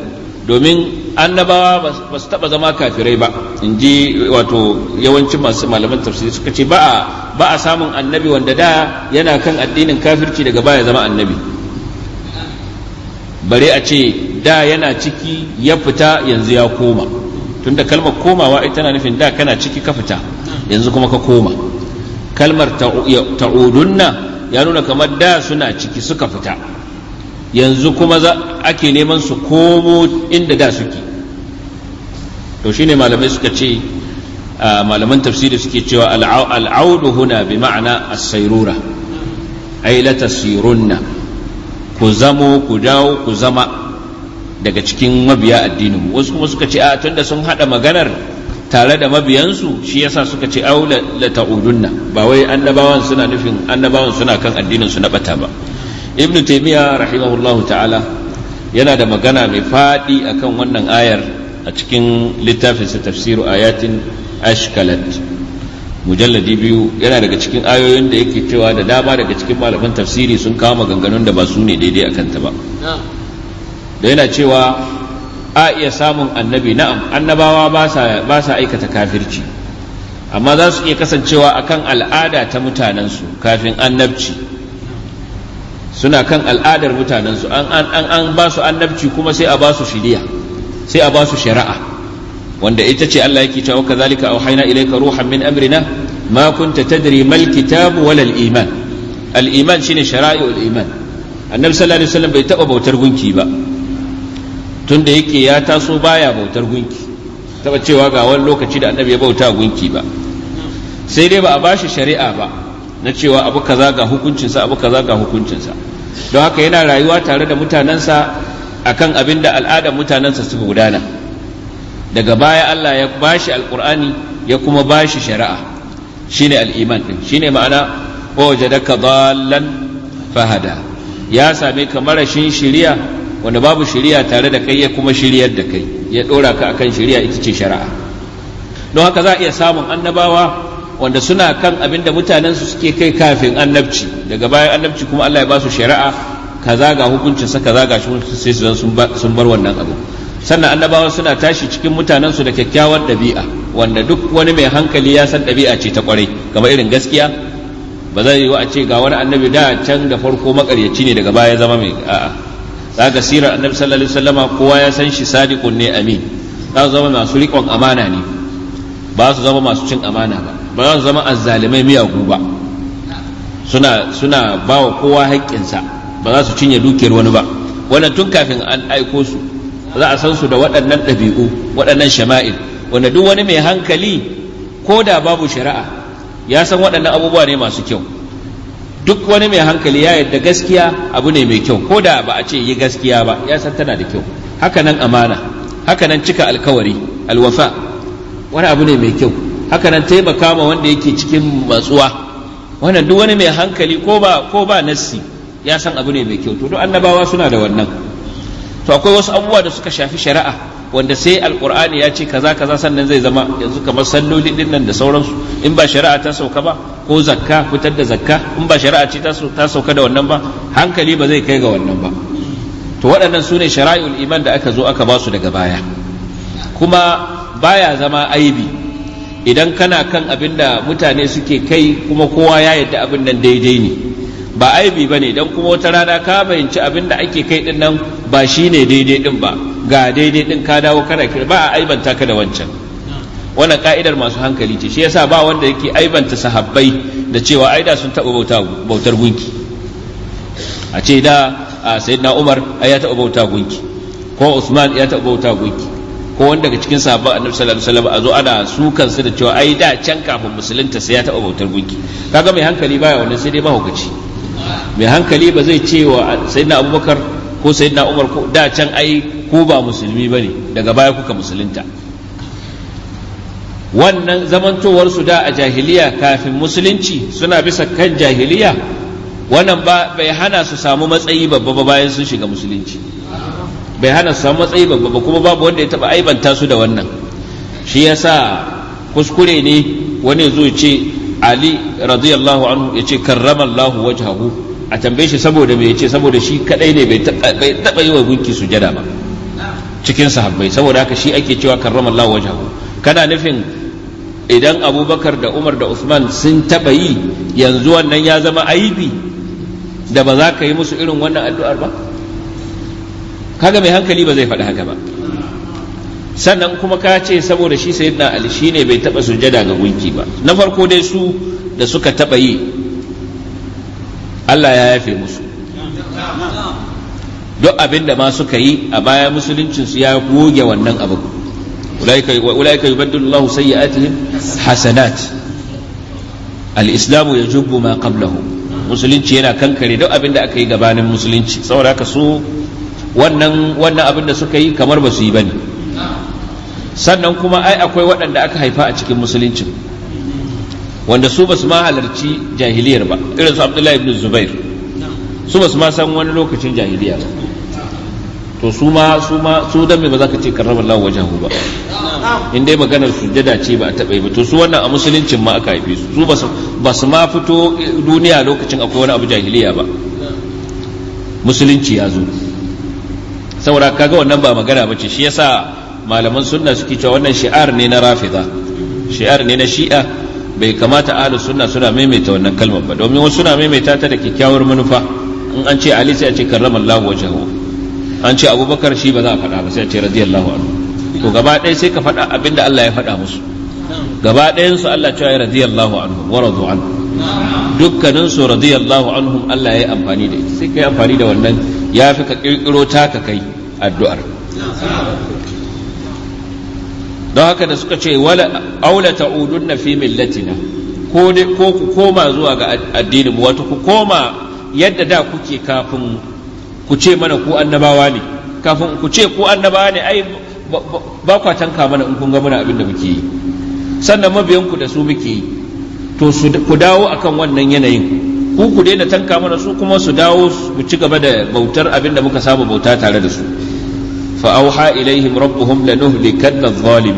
domin annabawa ba su taba zama kafirai ba in ji wato yawancin masu malaman tafsiri suka ce ba a samun annabi wanda da yana kan addinin kafirci daga baya zama annabi bare a ce da yana ciki ya fita yanzu ya koma tunda kalmar komawa ita na nufin da kana ciki ka fita yanzu kuma ka koma kalmar ta'udunna ya nuna kamar da suna ciki suka fita yanzu kuma ake neman su komo inda da suke to shine malamai suka ce malaman tafsiri suke cewa al'audu huna bi ma'ana as-sayrura ay la tasirunna ku zamo ku dawo ku zama daga cikin mabiya addinin wasu kuma suka ce a tunda sun haɗa maganar tare da mabiyansu shi yasa suka ce au la ta'udunna ba wai annabawan suna nufin annabawan suna kan addinin su na bata ba ibn taymiya rahimahullahu ta'ala yana da magana mai fadi akan wannan ayar a cikin littafin sa tafsiru ayatin ashkalat mujalladi biyu yana daga cikin ayoyin da yake cewa da dama daga cikin malaman tafsiri sun kawo maganganun da ba su ne daidai a kanta ba da yana cewa a iya samun annabi na'am annabawa ba sa aikata kafirci amma za su iya kasancewa a kan al'ada ta mutanensu kafin annabci suna kan al'adar mutanensu an an ba su annabci kuma sai a ba su shiriya sai a ba su shari'a wanda ita ce Allah yake cewa kazalika auhayna ilayka ruhan min amrina ma kunta tadri mal kitabu wal iman al iman shine shara'i'ul iman annabi sallallahu alaihi wasallam bai taba bautar gunki ba tun da yake ya taso baya bautar gunki taba cewa ga wani lokaci da annabi ya bauta gunki ba sai dai ba a bashi shari'a ba na cewa abu kaza ga hukuncinsa abu kaza ga hukuncinsa don haka yana rayuwa tare da mutanensa akan abin da al'adar mutanensa suka gudana daga baya Allah ya bashi alkur'ani ya kuma bashi shari'a shine al'iman din shine ma'ana wajadaka dallan fahada ya same ka marashin shiriya wanda babu shari'a tare da kai ya kuma shiryar da kai ya dora ka akan shari'a ita ce shari'a don haka za a iya samun annabawa wanda suna kan abin da mutanensu suke kai kafin annabci daga bayan annabci kuma Allah ya ba su shari'a kaza ga hukuncin sa kaza ga shi sai su sun bar wannan abu sannan annabawa suna tashi cikin mutanensu da kyakkyawar ɗabi'a wanda duk wani mai hankali ya san ɗabi'a ce ta kwarai kamar irin gaskiya ba zai yi wa a ce ga wani annabi da can da farko makaryaci ne daga baya zama mai a'a zaka sirar annabi sallallahu alaihi wasallama kowa ya san shi sadiqun ne amin za su zama masu riƙon amana ne ba su zama masu cin amana ba ba za su zama azzalimai miyagu ba suna suna ba wa kowa haƙƙinsa ba za su cinye dukiyar wani ba wannan tun kafin an aiko su za a san su da waɗannan ɗabi'u waɗannan shama'il wanda duk wani mai hankali ko da babu shari'a ya san waɗannan abubuwa ne masu kyau duk wani mai hankali ya yadda gaskiya abu ne mai kyau ko da ba a ce yi gaskiya ba ya san tana da kyau haka nan amana haka nan cika alkawari alwafa wani abu ne mai kyau haka nan taimaka ma wanda yake cikin matsuwa wannan duk wani mai hankali ko ba ko ba nassi ya san abu ne mai kyau to duk annabawa suna da wannan to akwai wasu abubuwa da suka shafi shari'a wanda sai alkur'ani ya ce kaza kaza sannan zai zama yanzu kamar salloli din nan da sauransu in ba shari'a ta sauka ba ko zakka fitar da zakka in ba shari'a ce ta sauka da wannan ba hankali ba zai kai ga wannan ba to waɗannan su ne shari'ul iman da aka zo aka ba su daga baya kuma baya zama aibi idan kana kan abin da mutane suke kai kuma kowa ya yadda abin nan daidai ne ba aibi bane dan kuma wata rana ka fahimci abin da ake kai din nan ba shine daidai din ba ga daidai din ka dawo kana kira ba a aibanta ka da wancan wannan ka'idar masu hankali ce shi yasa ba wanda yake aibanta sahabbai da cewa ai da sun taɓa bautar gunki a ce da sayyidina Umar ayi ya taɓa bauta gunki ko Usman ya taɓa bauta gunki ko wanda daga cikin sahabban Annabi sallallahu alaihi wasallam a zo ana su kansu da cewa ai da can kafin musulunta sai ya taɓa bautar gunki kaga mai hankali baya wannan sai dai mahaukaci mai hankali ba zai ce wa sayyidina abubakar ko sayyidina umar ko da can ai ko ba musulmi ne daga baya kuka musulunta wannan zamantowar su da a jahiliya kafin musulunci suna bisa kan jahiliya wannan bai hana su samu matsayi babba ba bayan sun shiga musulunci bai hana su samu matsayi babba ba kuma babu wanda ya taba aibanta su da wannan shi yasa kuskure ne wani zo ce ali radiyallahu anhu ya ce karrama allahu wajhahu a tambaye shi saboda me yace saboda shi kadai ne bai taba yi wa gunki sujada ba cikin sahabbai saboda haka shi ake cewa Allah wajahu kana nufin idan abubakar da umar da usman sun taba yi yanzu wannan ya zama aibi da ba za ka yi musu irin wannan addu'ar ba kaga mai hankali ba zai faɗi haka ba sannan kuma ka ce saboda shi sayyidina ali shine bai taba sujada ga gunki ba na farko dai su da suka taba yi Allah ya yafe musu duk abin da ma suka yi a baya musuluncin su ya goge wannan abin ulaika yubaddilu Allahu sayyi'atihim hasanat al-islamu yajubbu ma qablahu musulunci yana kankare duk abin da aka yi gabanin musulunci saboda haka su wannan wannan abin da suka yi kamar ba su yi bane sannan kuma ai akwai waɗanda aka haifa a cikin musuluncin wanda su basu ma halarci jahiliyar ba irin su abdullahi ibn zubair su basu ma san wani lokacin jahiliya ba to su ma su ma su dan me ba za ka ce karrama Allah wajahu ba in dai maganar sujjada ce ba a taɓa yi ba to su wannan a musuluncin ma aka haife su su ba su ma fito duniya lokacin akwai wani abu jahiliya ba musulunci ya zo saboda kaga wannan ba magana bace shi yasa malaman sunna suke cewa wannan shi'ar ne na rafida shi'ar ne na shi'a bai kamata ahlu sunna suna maimaita wannan kalmar ba domin wasu suna maimaita ta da kyakkyawar manufa in an ce ali sai a ce karramallahu wajhahu an ce abubakar shi ba za a faɗa ba sai a ce radiyallahu anhu to gaba ɗaya sai ka faɗa abinda Allah ya faɗa musu gaba ɗayan su Allah cewa ya radiyallahu anhu wa radu an dukkanin su radiyallahu anhum Allah ya yi amfani da ita sai ka yi amfani da wannan ya fi ka kirkiro taka kai addu'ar don haka da suka ce wala aula ta'udunna fi millatina ko ko ku koma zuwa ga addinin mu wato ku koma yadda da kuke kafin ku ce mana ku annabawa ne kafin ku ce ku annabawa ne ai ba kwa tanka mana in kun ga muna abin da muke yi sannan mabiyanku da su muke yi to ku dawo akan wannan yanayin ku ku daina tanka mana su kuma su dawo su ci gaba da bautar abin da muka saba bauta tare da su fa'auha ilaihim rabbuhum lanuhlikanna adh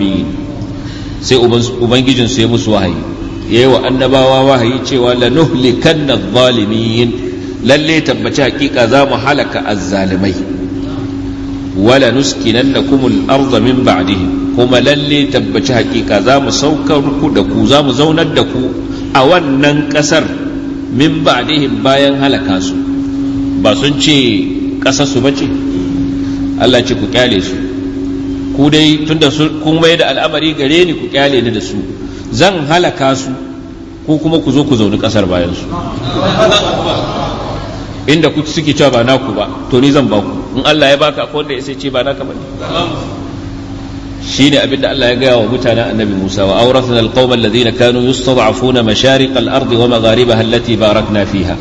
sai ubangijin su ya musu wahayi yayi wa annabawa wahayi cewa lanuhlikanna adh-dhalimin lalle tabbaci hakika za mu halaka azzalimai wala nuskinannakum al-ardha min ba'dihim kuma lalle tabbaci hakika za mu saukar ku da ku za mu zaunar da ku a wannan kasar min ba'dihim bayan halaka su ba sun ce kasar su bace Allah ce ku kyale su ku dai tunda kun mai da al'amari gare ni ku kyale ni da su zan halaka su ko kuma ku zo ku zauni kasar bayan su inda ku suke cewa ba naku ba to ni zan baku in Allah ya baka akwai da ya sai ce ba naka ba shine abinda Allah ya gaya wa mutanen annabi Musa wa awrathna alqawma alladhina kanu yustad'afuna mashariq al-ardi wa magharibaha allati barakna fiha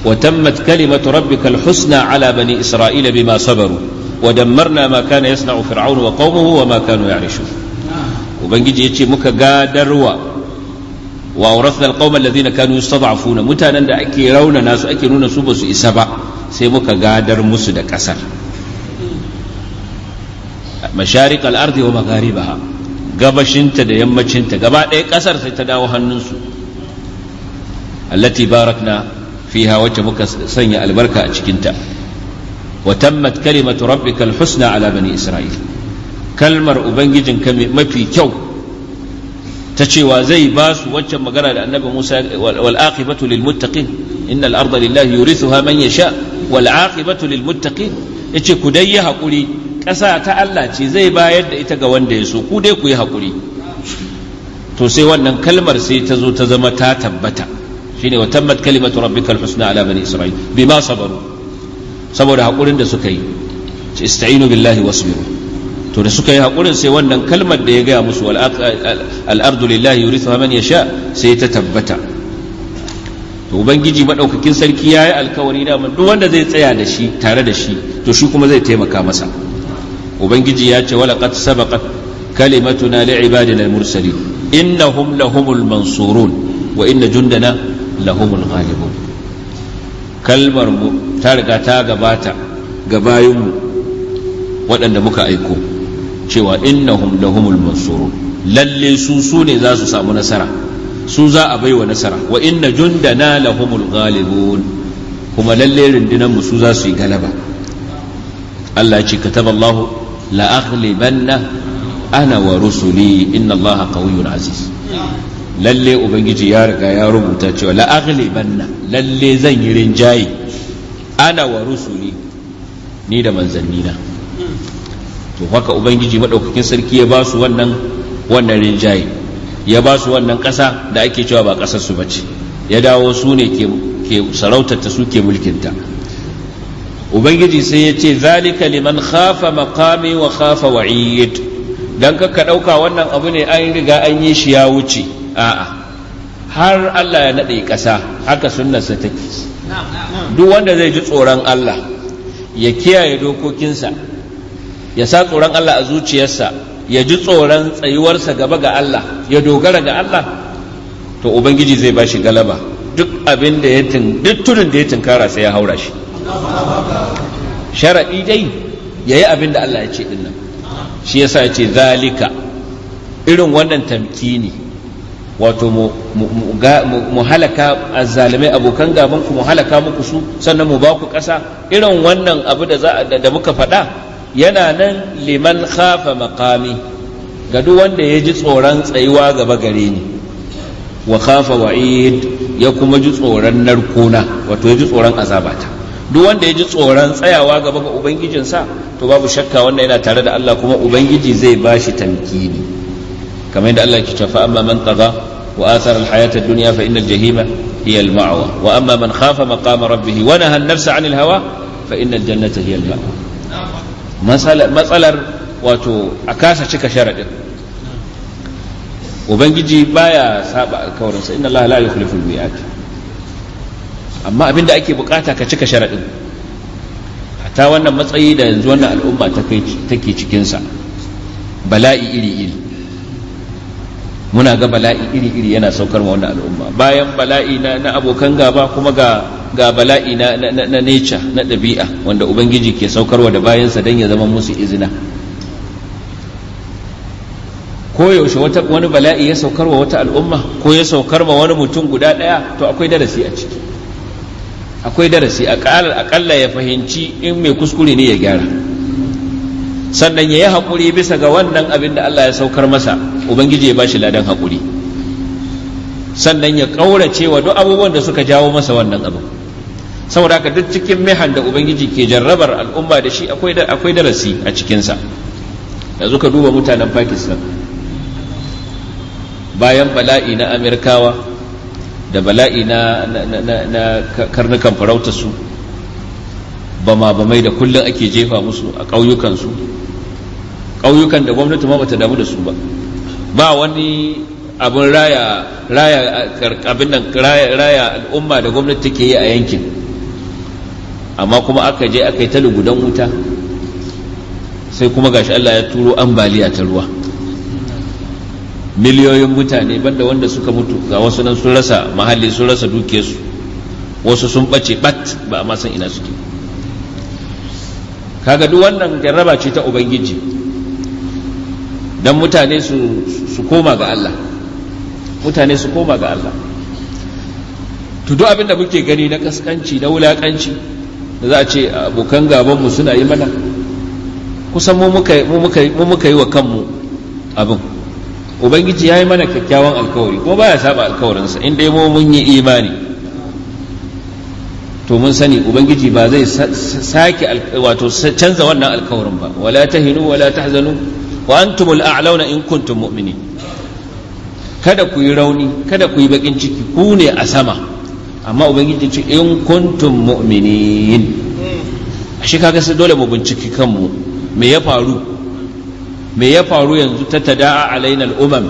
وتمت كلمة ربك الحسنى على بني إسرائيل بما صبروا wa dammarna ma kana yasna'u fir'aun wa qaumuhu wa ma kanu ya'rishun ubangiji yace muka gadarwa wa awrathna alqauma alladhina kanu yustad'afuna mutanen da ake rauna nasu ake nuna su basu isa ba sai muka gadar musu da kasar masharik al-ardi gabashinta da yammacinta gaba ɗaya kasar sai ta dawo hannunsu allati barakna fiha wacce muka sanya albarka a cikinta wa tammat kalimatu rabbikal husna ala bani isra'il kalmar ubangijin ka mafi kyau ta cewa zai basu su waccan magana da annabi Musa wal aqibatu lil muttaqin innal arda lillahi yurithuha man yasha wal aqibatu lil muttaqin yace ku dai yi hakuri ƙasa ta Allah ce zai bayar da ita ga wanda ya so ku dai ku yi hakuri to wannan kalmar sai ta zo ta zama ta tabbata shine wa tammat kalimatu rabbikal husna ala bani isra'il bima sabaru saboda haƙurin da suka yi ce ista'inu billahi wasbiru to da suka yi haƙurin sai wannan kalmar da ya gaya musu al'ardu lillahi yurithuha man yasha sai ta tabbata to ubangiji maɗaukakin sarki yayi alkawari da duk wanda zai tsaya da shi tare da shi to shi kuma zai taimaka masa ubangiji ya ce walaqad sabaqat kalimatuna li'ibadina al-mursalin innahum lahumul mansurun wa inna jundana lahumul ghalibun kalmar mu ta riga ta gabata ga bayinmu waɗanda muka aiko cewa innahum lahumul mansurun lalle su su ne za su samu nasara su za a baiwa nasara wa inna jundana lahumul ghalibun kuma lalle rundunan mu su za su yi galaba Allah ce kataballahu la aghlibanna ana wa rusuli inna allaha qawiyyun aziz lalle ubangiji ya riga ya rubuta cewa la aghlibanna lalle zan yi rinjaye ana wa rusuli ni da manzannina to haka ubangiji madaukakin sarki ya ba su wannan wannan rinjaye ya ba su wannan ƙasa da ake cewa ba ƙasar su bace ya dawo su ne ke sarautar ta su ke mulkinta ubangiji sai ya ce zalika liman khafa maqami wa khafa wa'id dan ka ɗauka wannan abu ne an riga an yi shi ya wuce a'a har Allah ya naɗe ƙasa haka sunnarsa take duk wanda zai ji tsoron Allah ya kiyaye dokokinsa ya sa tsoron Allah a zuciyarsa ya ji tsoron tsayuwarsa gaba ga Allah ya dogara ga Allah to ubangiji zai ba shi galaba duk abin da ya duk tudun da ya tunkara sai ya haura shi sharaɗi dai ya yi abin da Allah ya ce ɗin shi yasa ya ce zalika irin wannan tamki ne. wato mu halaka azzalimai abokan gaban ku mu halaka muku su sannan mu ba ku ƙasa irin wannan abu da da muka faɗa yana nan liman khafa maqami ga duk wanda ya ji tsoron tsayuwa gaba gare ni wa khafa wa'id ya kuma ji tsoron narkona wato ya ji tsoron azabata duk wanda ya ji tsoron tsayawa gaba ga ubangijinsa to babu shakka wannan yana tare da Allah kuma ubangiji zai bashi tamkini kamar yadda Allah ke tafa amma man taga وآثر الحياة الدنيا فإن الجحيم هي المعوى وأما من خاف مقام ربه ونهى النفس عن الهوى فإن الجنة هي المأوى مسألة مسألة واتو أكاسة شك شرد وبنجي بايا سابع كورنس إن الله لا يخلف الميعاد amma abin da ake bukata ka cika sharaɗin ta wannan matsayi da yanzu wannan al'umma take cikinsa bala'i iri-iri muna ga bala'i iri-iri yana saukar wa wannan al'umma bayan bala'i na, abokan gaba kuma ga, bala'i na, na, na, nature na ɗabi'a wanda ubangiji ke saukar wa da bayansa don ya zama musu izina Ko yaushe wani bala'i ya saukar wa wata al'umma ko ya saukar ma wani mutum guda ɗaya to akwai darasi a ciki akwai darasi a akalla ya fahimci in mai kuskure ne ya gyara sannan ya yi haƙuri bisa ga wannan abin da Allah ya saukar masa ubangiji ya ba shi ladan haƙuri sannan ya ƙaurace wa duk abubuwan da suka jawo masa wannan abin saboda haka duk cikin mihan da ubangiji ke jarrabar al'umma da shi akwai darasi a cikinsa yanzu ka duba mutanen pakistan bayan bala'i na amirkawa da bala'i na, karnukan farauta su ba mai da kullum ake jefa musu a ƙauyukansu ƙauyukan da gwamnati ma bata damu da su ba ba wani abin raya raya abin nan raya al'umma da gwamnati take yi a yankin amma kuma aka je aka yi ta lugudan wuta sai kuma gashi Allah ya turo ambaliya ta ruwa miliyoyin mutane banda wanda suka mutu ga wasu nan sun rasa mahalli sun rasa dukiyarsu wasu sun bace bat ba a san ina suke kaga duk wannan jarraba ce ta ubangiji don mutane su koma ga Allah mutane su koma ga Allah to duk abin da muke gani na kaskanci na wulakanci da za a ce abokan gabanmu suna yi mana kusan mu muka yi wa kanmu abin ubangiji ya yi mana kyakkyawan alkawari kuma baya saba alkawarinsa in dai mu mun yi imani to mun sani ubangiji ba zai sake wato canza wannan alkawarin ba wala tahinu wala tahzanu wa antumul a'launa in kuntum mu'minin kada ku yi rauni kada ku yi bakin ciki ku ne a sama amma ubangiji ce in kuntum mu'minin shi kaga sai dole mu binciki kanmu me ya faru me ya faru yanzu ta tada'a alaina al'umam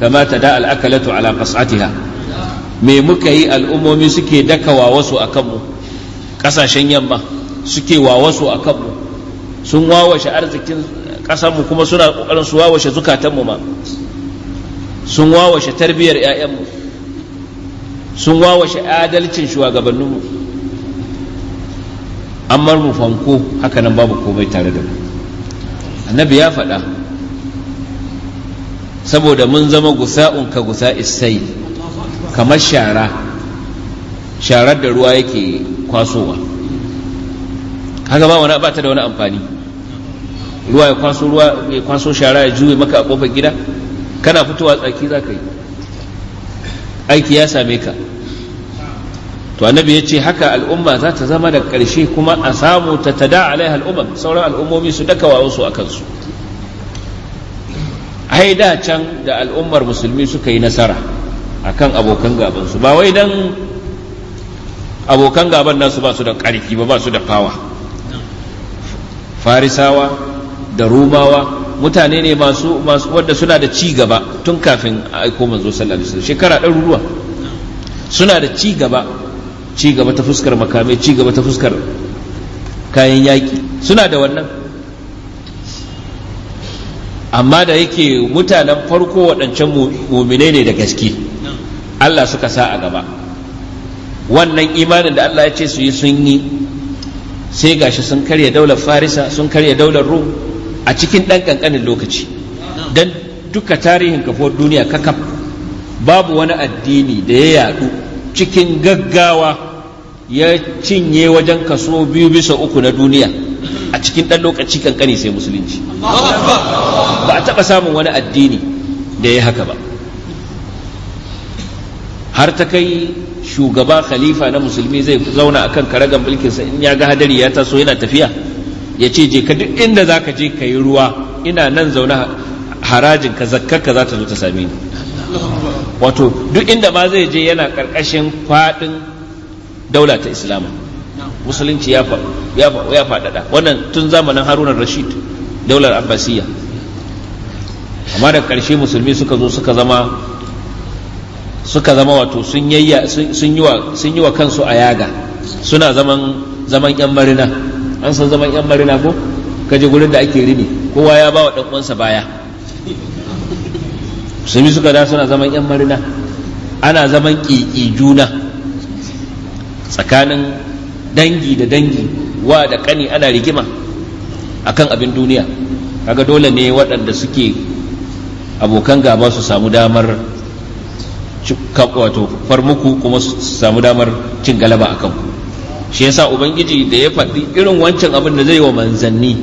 kama tada'a al'akalatu ala qas'atiha me muka yi al'ummomi suke dakawa wasu a kanmu kasashen yamma suke wa wasu a kanmu sun wawashe arzikin mu kuma suna ƙoƙarin su wawashe zukatanmu ma sun wawashe tarbiyar 'ya'yanmu sun wawashe adalcin shugabanninmu amma mu fanko hakanan babu komai tare da mu annabi ya faɗa saboda mun zama gusa'un ka gusa isai kamar shara sharar da ruwa yake kwasowa kaga ba wani ba da wani amfani ruwa ya kwaso ruwa ya kwaso shara ya juye maka a kofar gida kana fitowa tsaki za ka yi aiki ya same ka to annabi ya ce haka al'umma za ta zama da ƙarshe kuma a samu ta tada alaiha al'umma sauran al'ummomi su daka wasu a kansu ai da can da al'ummar musulmi suka yi nasara akan abokan gabansu ba wai dan abokan gaban nasu ba su da ƙarfi ba ba su da fawa farisawa da rumawa mutane ne masu masu suna da ci gaba tun kafin a aiko manzo sallallahu alaihi wasallam shekara ɗaruruwa suna da ci gaba ci gaba ta fuskar makamai ci gaba ta fuskar kayan yaƙi suna da wannan amma da yake mutanen farko waɗancan muminai ne da gaske Allah suka sa a gaba wannan imanin da Allah ya ce su yi sun yi sai gashi sun karya daular farisa sun karya daular rum a cikin ɗan ƙanƙanin lokaci don duka tarihin kafuwar duniya kakaf babu wani addini da ya yaɗu cikin gaggawa ya cinye wajen kaso biyu bisa uku na duniya a cikin ɗan lokaci ƙanƙani sai musulunci ba a taɓa samun wani addini da ya haka ba har ta kai shugaba khalifa na musulmi zai zauna a akan karagan mulkinsa in ya ga hadari ya taso yana tafiya ya ce je ka duk inda za ka je ka yi ruwa ina nan zaune harajin ka zakkarka za ta zo ta same ni wato duk inda ma zai je yana karkashin fadin daula ta islam, musulunci ya faɗaɗa wannan tun zamanin harunan rashid daular abbasiyya amma da ƙarshe musulmi suka zo suka zama suka zama wato sun yi wa kansu a yaga suna zaman zaman yan marina an san zaman yan marina ko kaje gurin da ake rini kowa ya ba wa dan uwansa baya musulmi suka da suna zaman yan marina ana zaman ƙiƙi juna tsakanin dangi da dangi wa da ƙani ana rigima akan abin duniya kaga dole ne waɗanda suke abokan gaba su samu damar wato farmuku kuma su samu damar cin galaba a kanku shi yasa ubangiji da ya faɗi irin wancan abin da zai wa manzanni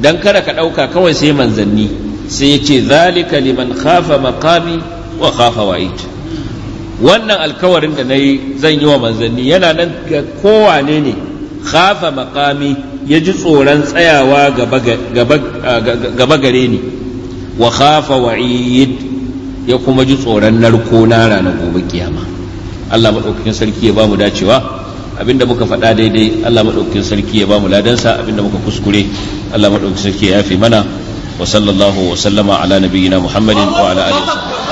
dan kada ka ɗauka kawai sai manzanni sai ya ce zalika liman khafa maqami wa khafa wa'id wannan alkawarin da nayi zan yi wa manzanni yana nan ga kowane ne khafa makami ya ji tsoron tsayawa gaba gare ni wa khafa wa'id ya kuma ji tsoron narko na ranar gobe kiyama Allah maɗaukakin sarki ya ba mu dacewa abinda muka faɗa daidai Allah maɗaukakin sarki ya bamu ladansa abinda muka kuskure Allah maɗaukakin sarki ya yafe mana wa sallallahu wa sallama ala nabiyyina Muhammadin wa ala alihi